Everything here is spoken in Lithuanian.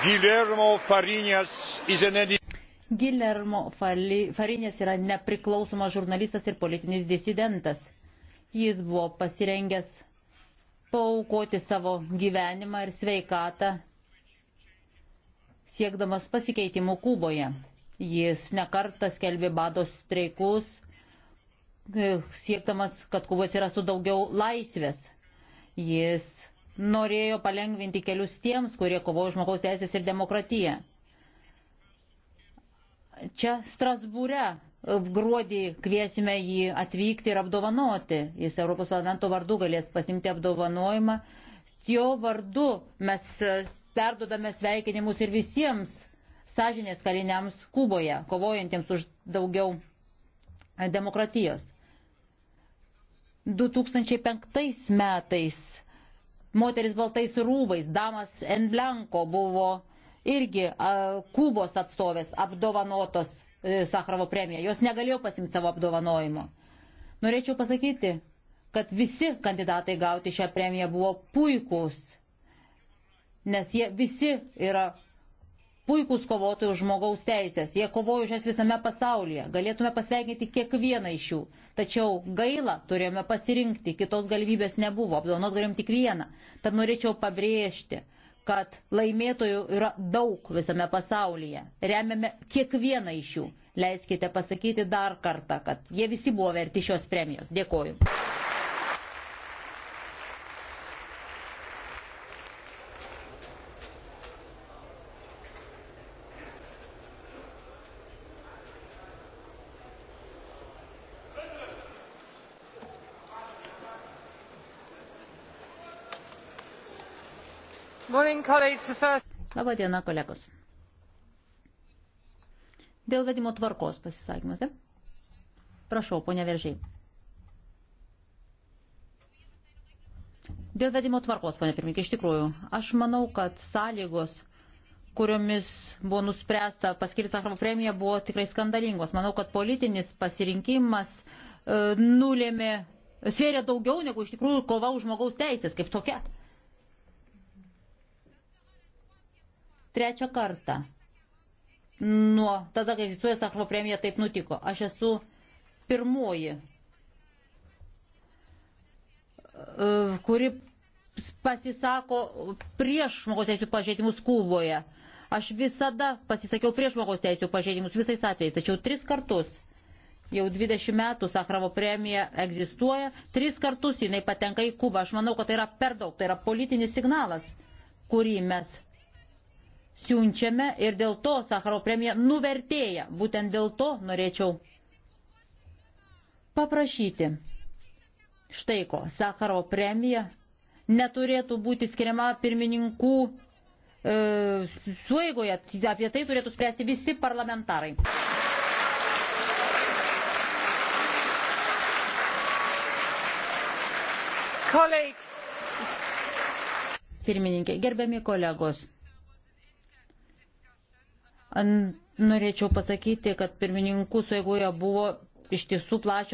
Gilermo Farinės izenedį. Gilermo Farinės yra nepriklausomas žurnalistas ir politinis disidentas. Jis buvo pasirengęs paukoti savo gyvenimą ir sveikatą, siekdamas pasikeitimų Kuboje. Jis nekartą skelbė bados streikus, e, siekdamas, kad Kubos yra su daugiau laisvės. Jis norėjo palengvinti kelius tiems, kurie kovojo žmogaus teisės ir demokratiją. Čia Strasbūre e, gruodį kviesime jį atvykti ir apdovanoti. Jis Europos parlamento vardu galės pasimti apdovanojimą. Jo vardu mes e, perdodame sveikinimus ir visiems sąžinės kaliniams Kuboje, kovojantiems už daugiau e, demokratijos. 2005 metais moteris baltais rūbais, damas Enblanko buvo irgi a, Kubos atstovės apdovanotos e, Sakrovo premija. Jos negalėjo pasimti savo apdovanojimo. Norėčiau pasakyti, kad visi kandidatai gauti šią premiją buvo puikūs, nes jie visi yra puikūs kovotojai už žmogaus teisės. Jie kovojo už jas visame pasaulyje. Galėtume pasveikinti kiekvieną iš jų. Tačiau gaila, turėjome pasirinkti, kitos galimybės nebuvo, apdovanot galim tik vieną. Tad norėčiau pabrėžti, kad laimėtojų yra daug visame pasaulyje. Remiame kiekvieną iš jų. Leiskite pasakyti dar kartą, kad jie visi buvo verti šios premijos. Dėkoju. Labą dieną, kolegos. Dėl vedimo tvarkos pasisakymuose. Prašau, ponia Veržiai. Dėl vedimo tvarkos, ponia pirmininkė, iš tikrųjų, aš manau, kad sąlygos, kuriomis buvo nuspręsta paskirti Sakrovo premiją, buvo tikrai skandalingos. Manau, kad politinis pasirinkimas e, nulėmė, svėrė daugiau negu iš tikrųjų kova už žmogaus teisės kaip tokia. Trečią kartą. Nuo tada, kai egzistuoja Sakro premija, taip nutiko. Aš esu pirmoji, e, kuri pasisako prieš žmogaus teisų pažeidimus Kuboje. Aš visada pasisakiau prieš žmogaus teisų pažeidimus visais atvejais, tačiau tris kartus. Jau 20 metų Sakravo premija egzistuoja, tris kartus jinai patenka į Kubą. Aš manau, kad tai yra per daug, tai yra politinis signalas, kurį mes siunčiame ir dėl to Sakaro premija nuvertėja. Būtent dėl to norėčiau paprašyti. Štai ko, Sakaro premija neturėtų būti skiriama pirmininkų e, suėgoje. Apie tai turėtų spręsti visi parlamentarai. Kolegs. Pirmininkė, gerbiami kolegos. Norėčiau pasakyti, kad pirmininkų suėgoje buvo iš tiesų plačios.